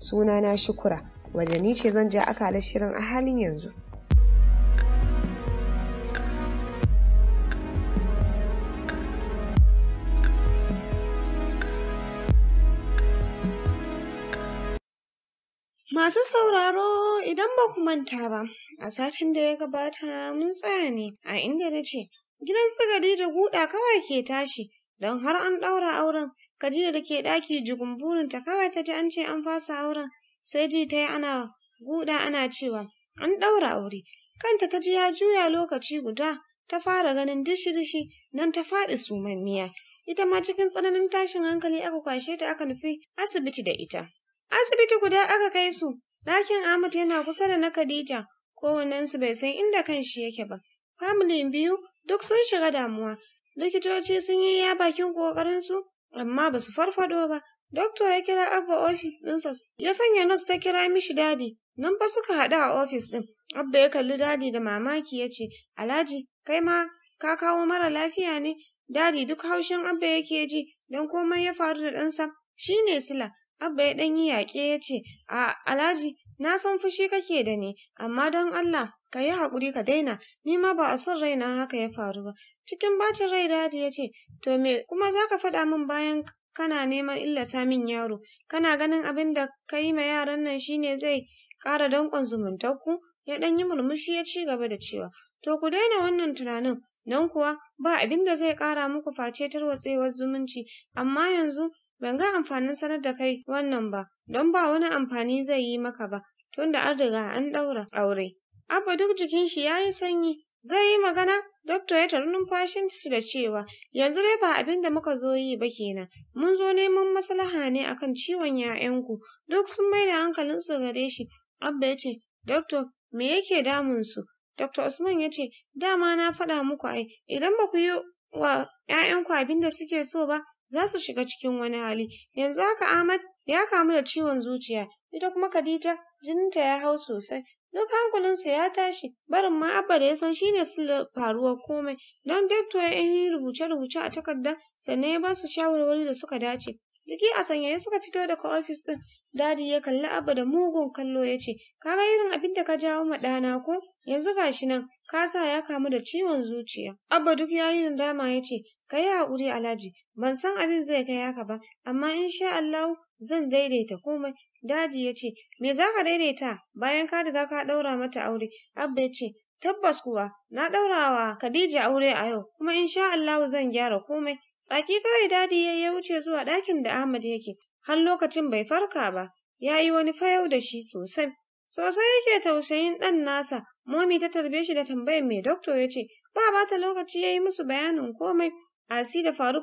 suna na shukura wadda ni ce zan ja akalar shirin a halin yanzu Masu sauraro idan ba ku manta ba, a satin da ya gabata mun tsaya ne a inda na ce, gidan su da guda kawai ke tashi don har an ɗaura auren Khadija da ke ɗaki ta kawai ta ji an ce an fasa auren sai ji ta yi ana guda ana cewa an ɗaura aure. Kanta ta ji ya juya lokaci guda ta fara ganin dishi-dishi nan ta faɗi sumanniya Ita ma cikin tsananin tashin hankali aka kwashe ta aka nufi asibiti da ita. Asibiti guda aka kai su, ɗakin Ahmad yana kusa da na Khadija, kowannensu bai san inda kan shi yake ba. famili biyu duk sun shiga damuwa, likitoci sun yi ya bakin ƙoƙarinsu amma ba su farfado ba. Doktor ya kira Abba ofis ɗinsa ya sanya nas ta kira mishi dadi. Nan ba suka haɗu a ofis ɗin. Abba ya kalli dadi da mamaki ya ce, Alhaji, kai ma ka kawo mara lafiya ne? Dadi duk haushin Abba yake ji don komai ya faru da ɗansa. Shi ne Sila, Abba ya ɗan yi yaƙe ya ce, A Alhaji, na san fushi kake da ni, amma don Allah ka yi haƙuri ka daina, ni ma ba a son raina haka ya faru ba. Cikin bacin rai daji ya ce, To me kuma za ka faɗa min bayan kana neman illata min yaro, kana ganin abin da ka yi ma yaran nan shine zai ƙara danƙon zumuntarku? Ya ɗan yi murmushi ya ci gaba da cewa, To ku daina wannan tunanin, don kuwa ba abin da zai ƙara muku face tarwatsewar zumunci, amma yanzu ban ga amfanin sanar da kai wannan ba, don ba wani amfani zai yi maka ba, tunda an riga an ɗaura aure. Abba duk jikin shi ya yi sanyi, zai yi magana Dokta ya taru numfashin shi da cewa, yanzu dai ba abin da muka zo yi ba kenan, mun zo neman maslaha ne akan ciwon ‘ya'yanku, duk sun mai da hankalinsu gare shi. Abba ya ce, Dokta, me yake damunsu? Dokta Usman ya ce, dama na faɗa muku ai, idan ba ku yi wa ‘ya'yanku abin da suke so ba, za su shiga cikin wani hali. Yanzu haka Ahmad ya kamu da ciwon zuciya, ita kuma Khadija jininta ya hau sosai, Duk hankulinsa ya tashi, barin ma Abba da ya san shi ne sila faruwar komai, don dekto ya yi rubuce-rubuce a takardar, sannan ya ba su shawarwari da suka dace. Jiki a sanyaye suka fito daga ofis ɗin, Dadi ya kalli Abba da mugun kallo ya ce, Ka ga irin abin da ka jawo ma ɗana ko? Yanzu ga shi nan, ka sa ya kamu da ciwon zuciya. Abba duk ya yi nadama ya ce, Ka yi haƙuri Alhaji, ban san abin zai kai haka ba, amma in sha allahu zan daidaita komai. Daji ya ce, Me za ka daidaita bayan ka riga ka ɗaura mata aure? Abba ya ce, Tabbas kuwa, na ɗaura wa Khadija aure a yau, kuma in sha Allahu zan gyara komai. Tsaki kawai dadi ya yi wuce zuwa ɗakin da Ahmad yake, har lokacin bai farka ba, ya yi wani fayau da shi sosai. Sosai yake tausayin ɗan nasa, momi ta tarbe shi da tambayar mai doktor ya ce, ba ba ta lokaci ya yi musu bayanin komai, Asi da Faruk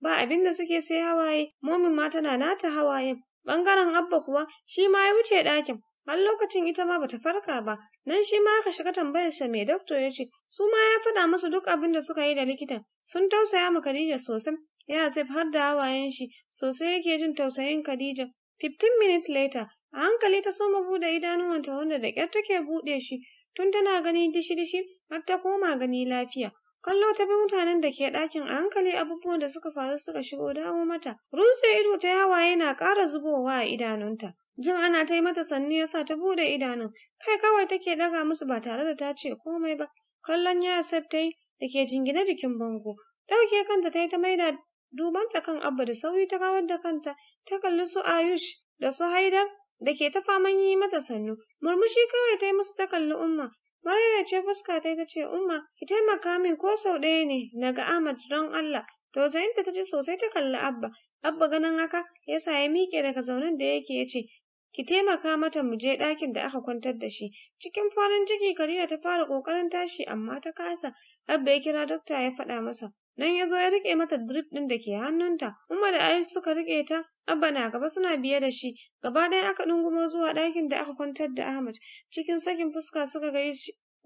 ba abin da suke sai hawaye, momin ma tana nata hawayen, Bangaren Abba kuwa shi ma ya wuce ɗakin, har lokacin ita ma bata farka ba, nan shi ma aka shiga tambayarsa mai doktor ya ce, su ma ya faɗa musu duk abin da suka yi da likitan, sun tausaya ma Khadija sosai, ya zai har da hawayen shi sosai yake jin tausayin Khadija. 15 minutes later, a hankali ta soma bude idanuwanta wanda da ƙyar take buɗe shi, tun tana gani dishi-dishi har ta koma gani lafiya. Kallo ta bi mutanen da ke ɗakin a hankali abubuwan da suka faru suka shigo dawo mata. rusa ido ta yawa yana ƙara zubowa a idanunta. Jin ana ta yi mata sannu ya sa ta bude idanun. Kai kawai take ɗaga musu ba tare da ta ce komai ba. Kallon ya ta yi da ke jingine jikin bango. Ɗauke kanta ta yi ta maida dubanta kan Abba da sauri ta kawar da kanta. Ta kalli su Ayush da su Haidar da ke ta faman yi mata sannu. Murmushi kawai ta yi musu ta kalli Umma Marina ce fuska ta ta ce, Umma, ki taimaka min ko sau ɗaya ne na ga Ahmad don Allah. Tausayinta ta ji sosai ta kalli Abba. Abba ganin haka ya sa ya miƙe daga zaunen da yake ya ce, Ki taimaka mata mu je ɗakin da aka kwantar da shi. Cikin farin ciki Khadija ta fara ƙoƙarin tashi amma ta kasa. Abba ya kira dokta ya faɗa masa. Nan ya zo ya rike mata drip ɗin da ke hannunta, Umma da aisha suka rike ta, Abba na gaba suna biye da shi, gaba ɗaya aka ɗungumo zuwa ɗakin da aka kwantar da Ahmad, cikin sakin fuska suka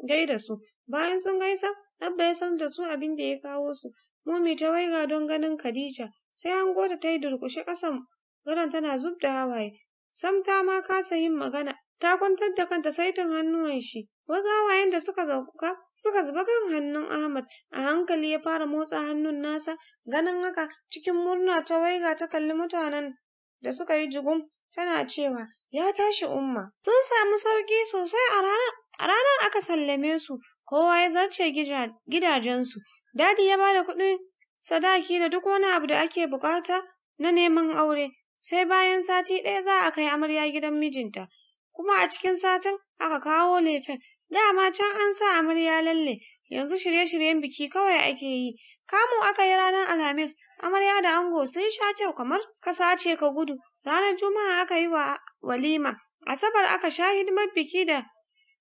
gaida su. Bayan sun gaisa, Abba ya san da su abin da ya kawo su. Mumi ta waiga don ganin Khadija, sai hangota ta yi durƙushe ƙasan gadon tana zub da hawaye. Sam ta ma kasa yin magana, ta kwantar da kanta saitin hannuwan shi. Wasu hawayen da suka zauka suka zuba kan hannun Ahmad, a hankali ya fara motsa hannun nasa, ganin haka cikin murna ta waiga ta kalli mutanen da suka yi jigum tana cewa ya tashi umma. Sun samu sauki sosai a ranar, aka sallame su, kowa ya zarce gidajensu. Dadi ya ba da kuɗin sadaki da duk wani abu da ake bukata na neman aure, sai bayan sati ɗaya za a kai amarya gidan mijinta. Kuma a cikin satin aka kawo lefen Dama can an sa amarya lalle, yanzu shirye-shiryen biki kawai ake yi. Kamu aka yi ranar Alhamis, amarya da ango sun sha kyau kamar ka sace ka gudu. Ranar Juma'a aka yi wa walima, Asabar aka sha hidimar biki da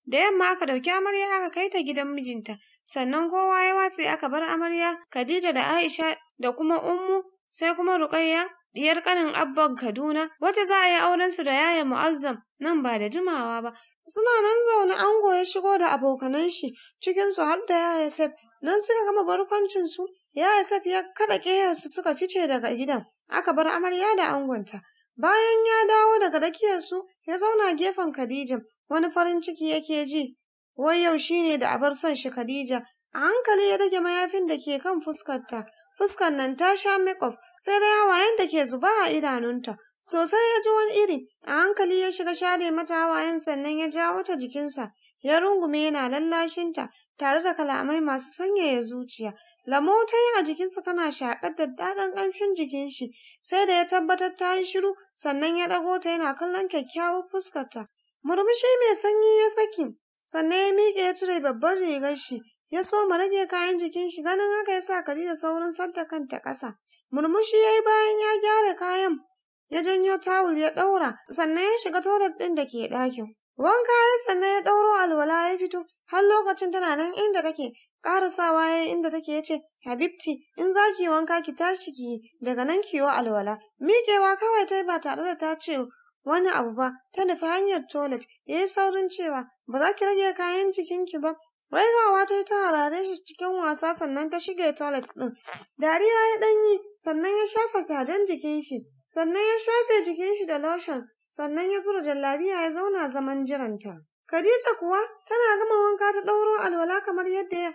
da yamma aka dauki amarya aka kai ta gidan mijinta. Sannan kowa ya watse aka bar amarya, Khadija da Aisha da kuma Ummu, sai kuma Rukayya, diyar kanin abban Kaduna, wacce za a yi auren su da yaya Mu'azzam nan ba da jimawa ba. Suna nan zaune ango ya shigo da abokanan shi cikinsu har da yaya Sef, nan suka gama barkwancinsu, yaya Sef ya kada su suka fice daga gidan, aka bar amarya da angonta. Bayan ya dawo daga su ya zauna gefen Khadija, wani farin ciki yake ji, wai yau shine da abar son shi Khadija, a hankali ya rage mayafin da ke kan fuskarta, fuskar nan ta sha makeup sai da hawayen da ke zuba a idanunta Sosai ya ji wani iri, a hankali ya shiga share mata hawayen sannan ya jawo ta jikinsa, ya rungume yana lallashinta tare da kalamai masu sanyaya zuciya. Lamo ta yi a jikinsa tana shaƙar da daɗin ƙamshin jikin shi, sai da ya tabbatar ta yi shiru sannan ya ɗago ta yana kallon kyakkyawar fuskarta. Murmushi mai sanyi ya saki, sannan ya miƙe ya cire babbar rigar shi, ya so mu rage kayan jikin shi ganin haka ya sa da saurin sadda kanta ƙasa. Murmushi ya yi bayan ya gyara kayan ya janyo tawul ya ɗaura, sannan ya shiga toilet ɗin da ke ɗakin. Wanka ya sannan ya ɗauro alwala ya fito, har lokacin tana nan inda take, ƙarasawa ya inda take ya ce, Habibti, in za ki wanka ki tashi ki yi, daga nan ki yi alwala. Miƙewa kawai ta ba tare da ta ce wani abu ba, ta nufi hanyar toilet, ya yi saurin cewa, ba za ki rage kayan ki ba, Wai gawa ta yi ta harare shi cikin wasa sannan ta shige toilet ɗin. Dariya ya ɗanyi sannan ya shafa sajen jikin shi. sannan ya shafe jikin shi da lotion, sannan ya zura jallabiya ya zauna zaman jiranta. Khadija kuwa tana gama wanka ta ɗauro alwala kamar yadda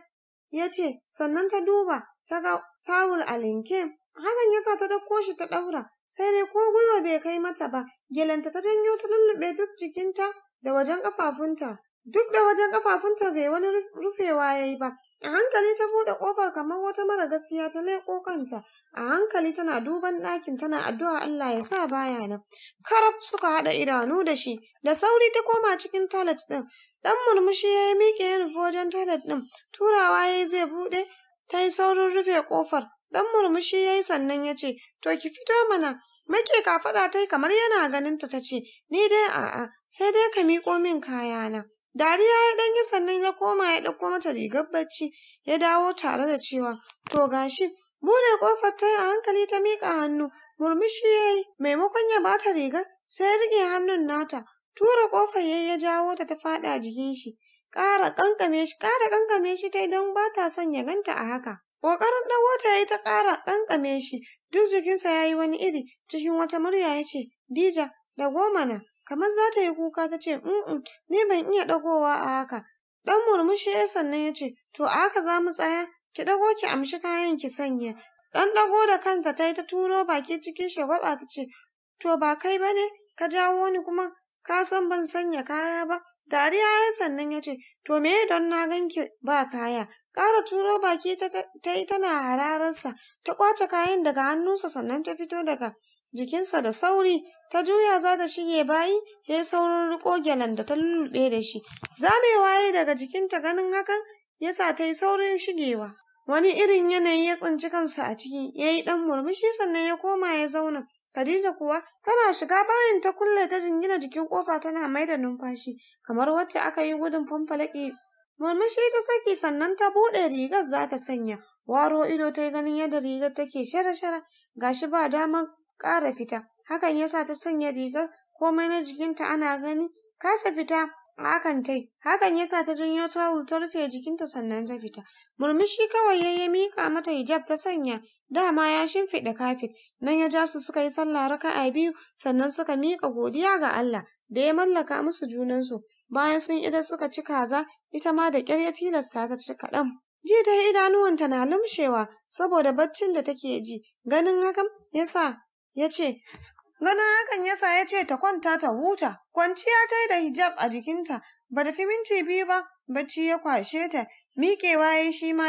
ya ce, sannan ta duba ta ga tawul a linke. Hakan ya sa ta dauko shi ta ɗaura, sai dai ko gwiwa bai kai mata ba, gelanta ta janyo ta lullube duk jikinta da wajen ƙafafunta. Duk da wajen ƙafafunta bai wani rufewa ya yi ba, A hankali ta buɗe ƙofar kamar wata mara gaskiya ta leƙo kanta. A hankali tana duban ɗakin tana addu'a Allah ya sa baya nan. Karaf suka haɗa idanu da shi. Da sauri ta koma cikin toilet ɗin. Ɗan murmushi ya yi miƙe yin wajen toilet ɗin. Turawa ya yi zai buɗe. Ta yi saurin rufe ƙofar. Ɗan murmushi ya yi sannan ya ce, To ki fito mana. Make faɗa ta yi kamar yana ganin ta ce, Ni dai a'a, sai dai ka miƙo min kayana. Dariya ya ɗan yi sannan ya koma ya ɗauko mata rigar bacci ya dawo tare da cewa to gashi bude kofar ta a hankali ta miƙa hannu murmushi ya yi maimakon ya bata rigar sai riƙe hannun nata tura kofar ya ya jawo ta ta faɗa jikin shi ƙara ƙanƙame shi ƙara ƙanƙame shi ta don ba ta son ya ganta a haka. Ƙoƙarin ɗago ta yi ta ƙara ƙanƙame shi duk jikinsa ya yi wani iri cikin wata murya ya ce Dija da goma na. kamar za ta yi kuka ta ce mm ni ban iya dagowa a haka dan murmushi ya sannan ya ce to a haka za mu tsaya ki dago ki amshi kayan ki sanya ɗan ɗago da kanta ta yi ta turo baki cikin shagwaba ta ce to ba kai ba ne ka jawo ni kuma ka san ban sanya kaya ba dariya ya sannan ya ce to me don na ganki ba kaya ƙara turo baki ta yi tana hararsa ta kwace kayan daga hannunsa sannan ta fito daga jikinsa da sauri ta juya za ta shige bayi ya yi saurin riko gyalan da ta lulluɓe da shi zamewa waye daga jikinta ganin hakan ya sa ta yi saurin shigewa wani irin yanayi ya tsinci kansa a ciki ya yi ɗan murmushi sannan ya koma ya zauna Khadija kuwa tana shiga bayan ta kulle ta jingina jikin kofa tana mai da numfashi kamar wacce aka yi gudun fanfalaki murmushi ta saki sannan ta buɗe rigar za ta sanya waro ido ta yi ganin yadda rigar take shara-shara gashi ba damar ƙara fita hakan ya sa ta sanya rigar komai na jikinta ana gani kasa fita hakan tai hakan ya sa ta janyo tawul ta rufe jikinta sannan ta fita murmushi kawai ya yi mika mata hijab ta sanya dama ya shimfiɗa kafet nan ya ja su suka yi sallah raka'a biyu sannan suka mika godiya ga Allah da ya mallaka musu junansu bayan sun idan suka ci kaza ita ma da ƙyar ya tilasta ta ci kaɗan ji ta idanuwanta na lumshewa saboda baccin da take ji ganin hakan sa ya ce Gana hakan yasa ya ce ta kwanta ta huta, kwanciya ta yi da hijab a jikinta, ba da fi minti biyu ba, bacci ya kwashe ta, miƙewa ya shi ma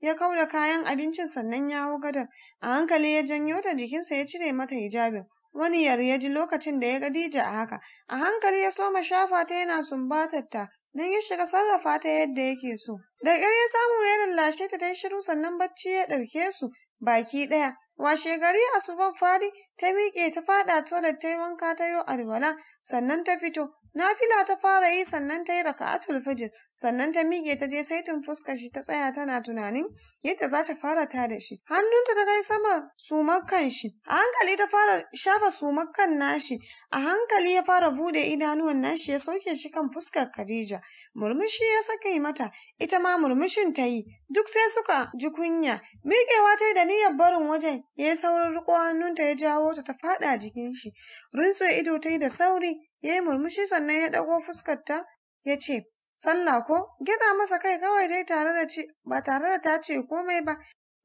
ya kau kayan abincin sannan ya hau gadon. A hankali ya janyo ta jikinsa ya cire mata hijabin. Wani yar ya ji lokacin da ya ga Dija a haka, a hankali ya soma shafa ta yana sumbatar ta, don ya shiga sarrafa ta yadda yake so. Da ƙyar ya samu ya lallashe ta ta yi shiru sannan bacci ya ɗauke su, Baki ɗaya, washe gari sufan fari ta miƙe ta faɗa tolar ta yi wanka ta yo alwala sannan ta fito. Nafila ta fara yi sannan ta yi raka'atul fijir sannan ta miƙe ta je saitin fuskar shi ta tsaya tana tunanin yadda za ta fara ta da shi hannunta ta kai sama sumakkan shi a hankali ta fara shafa sumakan nashi a hankali ya fara bude idanuwan nashi ya sauke shi kan fuskar Khadija murmushi ya saka mata ita ma murmushin ta yi duk sai suka ji kunya miƙewa ta yi da niyyar barin wajen ya yi saurin riko hannunta ya jawo ta ta faɗa jikin shi rintso ido ta yi da sauri ya yi murmushi sannan ya ɗago fuskarta ya ce Sallah ko? Gyaɗa masa kai kawai dai tare da ce, ba tare da ta ce komai ba.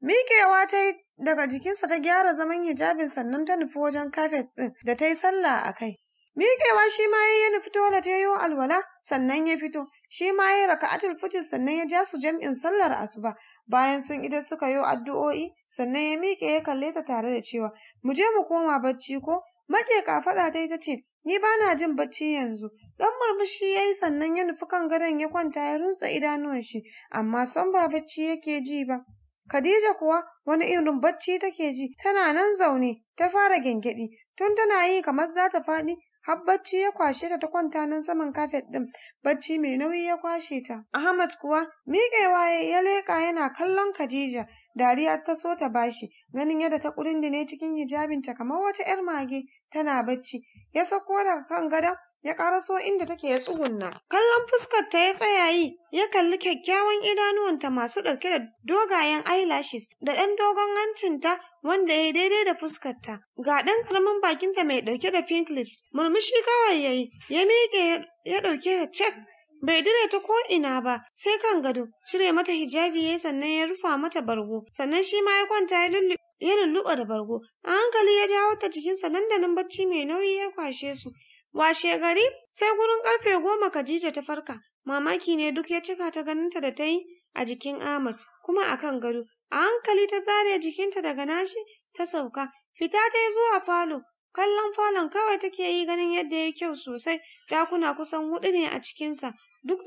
Miƙewa ta yi daga jikinsa ta gyara zaman hijabin sannan ta nufi wajen kafet ɗin da ta yi sallah a kai. Miƙewa shi ma ya nufi tola ta yi alwala sannan ya fito. Shi ma ya raka atul fujin sannan ya ja su jam'in sallar asuba. Bayan sun ida suka yi addu'o'i sannan ya miƙe ya kalle ta tare da cewa mu je mu koma bacci ko? Maƙe faɗa ta ta ce ni ba na jin bacci yanzu Ɗan murmushi ya yi sannan ya nufi kan gadon ya kwanta ya runtse idanuwan shi, amma son ba bacci yake ji ba. Khadija kuwa wani irin bacci take ji, tana nan zaune, ta fara gyangyaɗi, tun tana yi kamar za ta faɗi, har bacci ya kwashe ta ta kwanta nan saman kafet ɗin, bacci mai nauyi ya kwashe ta. Ahmad kuwa miƙewa ya leƙa yana kallon Khadija, dariya ta so ta bashi, ganin yadda ta ne cikin hijabinta kamar wata ‘yar mage tana bacci, ya sako daga kan gadon ya karaso inda take ya tsugunna. Kallon fuskarta ya tsaya yi, ya kalli kyakkyawan idanuwanta masu ɗauke da dogayen eyelashes da ɗan dogon hancinta wanda ya daidai da fuskarta. Ga ɗan ƙaramin bakinta mai ɗauke da pink lips, murmushi kawai ya yi, ya miƙe ya ɗauke da cek bai dire ta ko ina ba sai kan gado cire mata hijabi yi sannan ya rufa mata bargo sannan shi ma ya kwanta ya lullu ya lulluɓa da bargo a hankali ya jawo ta jikinsa nan da nan bacci mai nauyi ya kwashe su Washe gari sai gurin karfe goma Khadija ta farka, mamaki ne duk ya cika ta ganinta da ta yi a jikin Ahmad kuma a kan gado. A hankali ta zare jikinta daga nashi ta sauka, fita ta yi zuwa falo. Kallon falon kawai take yi ganin yadda ya kyau sosai, dakuna kusan hudu ne a cikinsa, duk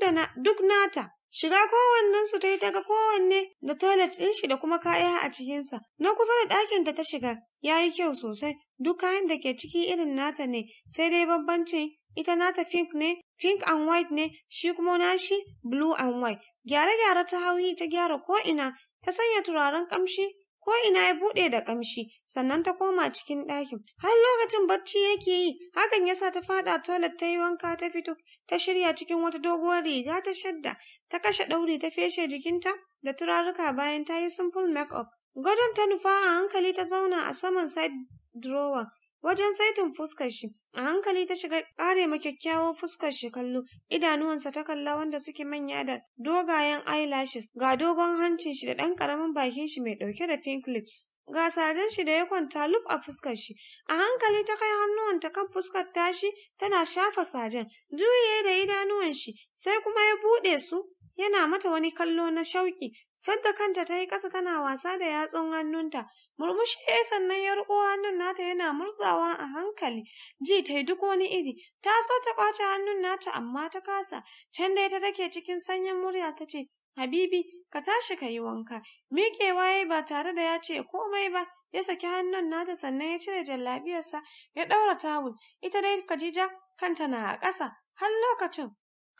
nata. Shiga kowannensu ta yi ta kowanne da toilet ɗin shi da kuma kaya a cikinsa. Na kusa da ɗakin da ta shiga ya yi kyau sosai, duk kayan da ke ciki irin nata ne, sai dai bambancin ita nata pink ne, pink and white ne, shi kuma nashi blue and white. Gyare-gyare ta hauyi ta gyara ko'ina, ta sanya turaren ƙamshi ko ina ya buɗe da ƙamshi, sannan ta koma cikin ɗakin. Har lokacin barci yake yi, hakan ya sa ta faɗa tolet ta yi wanka ta fito, ta shirya cikin wata doguwar riga ta shadda, ta kashe ɗauri ta feshe jikinta da turaruka bayan ta yi simple make-up. Gwadon ta nufa a hankali ta zauna a saman side drawer Wajen saitin fuskar shi, a hankali ta shiga ƙare ma kyakkyawan fuskar shi kallo, idanuwansa ta kalla wanda suke manya da dogayen eyelashes, ga dogon hancin shi da ɗan ƙaramin bakin shi mai ɗauke da pink lips. Ga sajen shi da ya kwanta luf a fuskar shi, a hankali ta kai hannuwanta kan fuskar tashi tana shafa sajen, juye da idanuwan shi, sai kuma ya buɗe su yana mata wani kallo na shauƙi, sadda kanta ta yi ƙasa tana wasa da yatsun hannunta, Murmushi ya sannan ya riko hannun nata yana murzawa a hankali, ji ta yi duk wani iri, ta so ta kwace hannun nata amma ta kasa, can dai ta take cikin sanyin murya ta ce, Habibi, ka tashi ka yi wanka, miƙewa ya ba tare da ya ce komai ba, ya saki hannun nata sannan ya cire jallabiyarsa, ya ɗaura tawul, ita dai Khadija kanta na a ƙasa, har lokacin.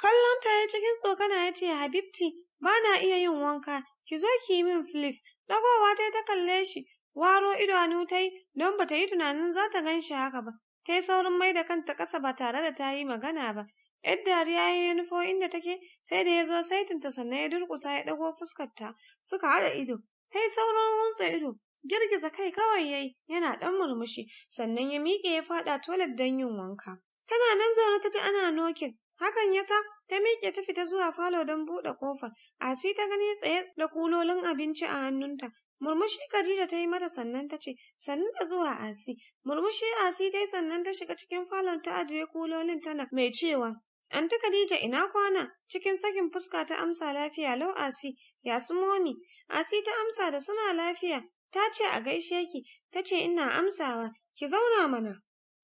Kallonta ya cikin tsokana ya ce, Habibti, ba na iya yin wanka, ki zo ki yi min filis, ɗagowa ta ta kalle shi, Waro idanu ta yi don ba ta yi tunanin za ta gan shi haka ba, ta yi saurin mai da kanta ƙasa ba tare da ta yi magana ba. Yar dariya ya yi nufo inda take sai da ya zo saitinta sannan ya durƙusa ya ɗago fuskarta suka haɗa ido. Ta yi saurin runtse ido, girgiza kai kawai ya yi yana ɗan murmushi sannan ya miƙe ya faɗa tolar don yin wanka. Tana nan zaune ta ji ana nokin, hakan ya sa ta miƙe ta fita zuwa falo don buɗe ƙofar. Asi ta gani tsaye da kulolin abinci a hannunta Murmushi Khadija ta yi mata sannan ta ce, sannan da zuwa Asi. Murmushi Asi dai sannan ta shiga cikin falon ta ajiye kulolin tana mai cewa, Anti Khadija ina kwana? Cikin sakin fuska ta amsa lafiya lau Asi, ya su momi. Asi ta amsa da suna lafiya, ta ce a gaishe ki, ta ce ina amsawa, ki zauna mana.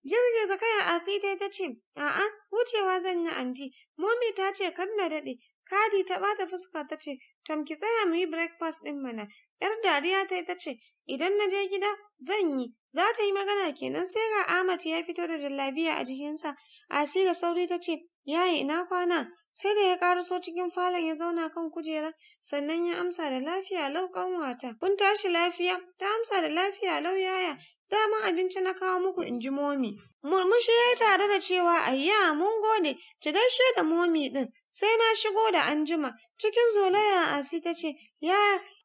Girgiza kai Asi dai ta ce, a'a, wucewa zan yi anti, momi ta ce kar na daɗe, Hadi ta bata fuska ta ce, Tom ki tsaya mu yi breakfast ɗin mana. ‘Yar dariya ta ta ce, idan na je gida zan yi. Za ta yi magana kenan sai ga Ahmad ya fito da jallabiya a jikinsa. Asira sauri ta ce, yaye ina kwana. Sai da ya karaso cikin falon ya zauna kan kujera, sannan ya amsa da lafiya lau ƙanwata. Kun tashi lafiya? Ta amsa da lafiya lau yaya. Daman abinci na kawo muku in ji momi. Murmushi ya yi tare da cewa ayya mun gode, ki gaishe da momi ɗin. sai na shigo da anjima cikin zolaya asi ta ce ya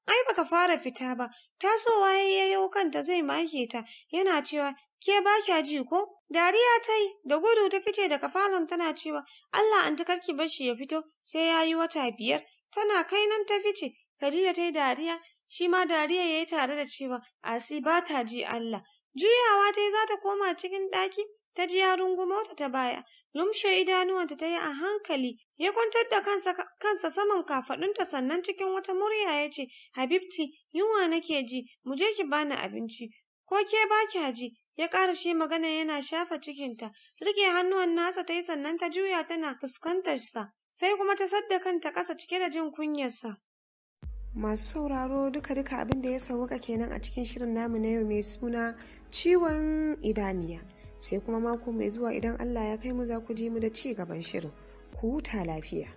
ai baka fara fita ba tasowa ya yayo kanta zai make ta yana cewa ke ba kya ji ko dariya ta yi da gudu ta fice daga falon tana cewa allah an karki bashi ya fito sai ya yi wata biyar tana kai nan ta fice khadija ta yi dariya shi ma dariya ya yi tare da cewa asi ba ta ji allah juyawa ta yi za ta koma cikin ɗaki ta ji yarungu mota ta baya Lumshe idanuwanta ta yi a hankali, ya kwantar da kansa, kansa saman kafaɗunta sannan cikin wata murya ya ce, Habibti, yunwa nake ji, mu je ki bani abinci. Ko ke ba ki haji ya ƙara shi magana yana shafa cikinta, rike hannuwan nasa ta yi sannan ta juya tana fuskantarsa, sai kuma ta sadda kanta ƙasa cike da jin kunyarsa. Masu sauraro duka-duka abinda ya sauka kenan a cikin shirin namu na yau mai suna ciwon idaniya. sai kuma mako mai zuwa idan Allah ya kai mu za ku ji mu da ci gaban shirin ku huta lafiya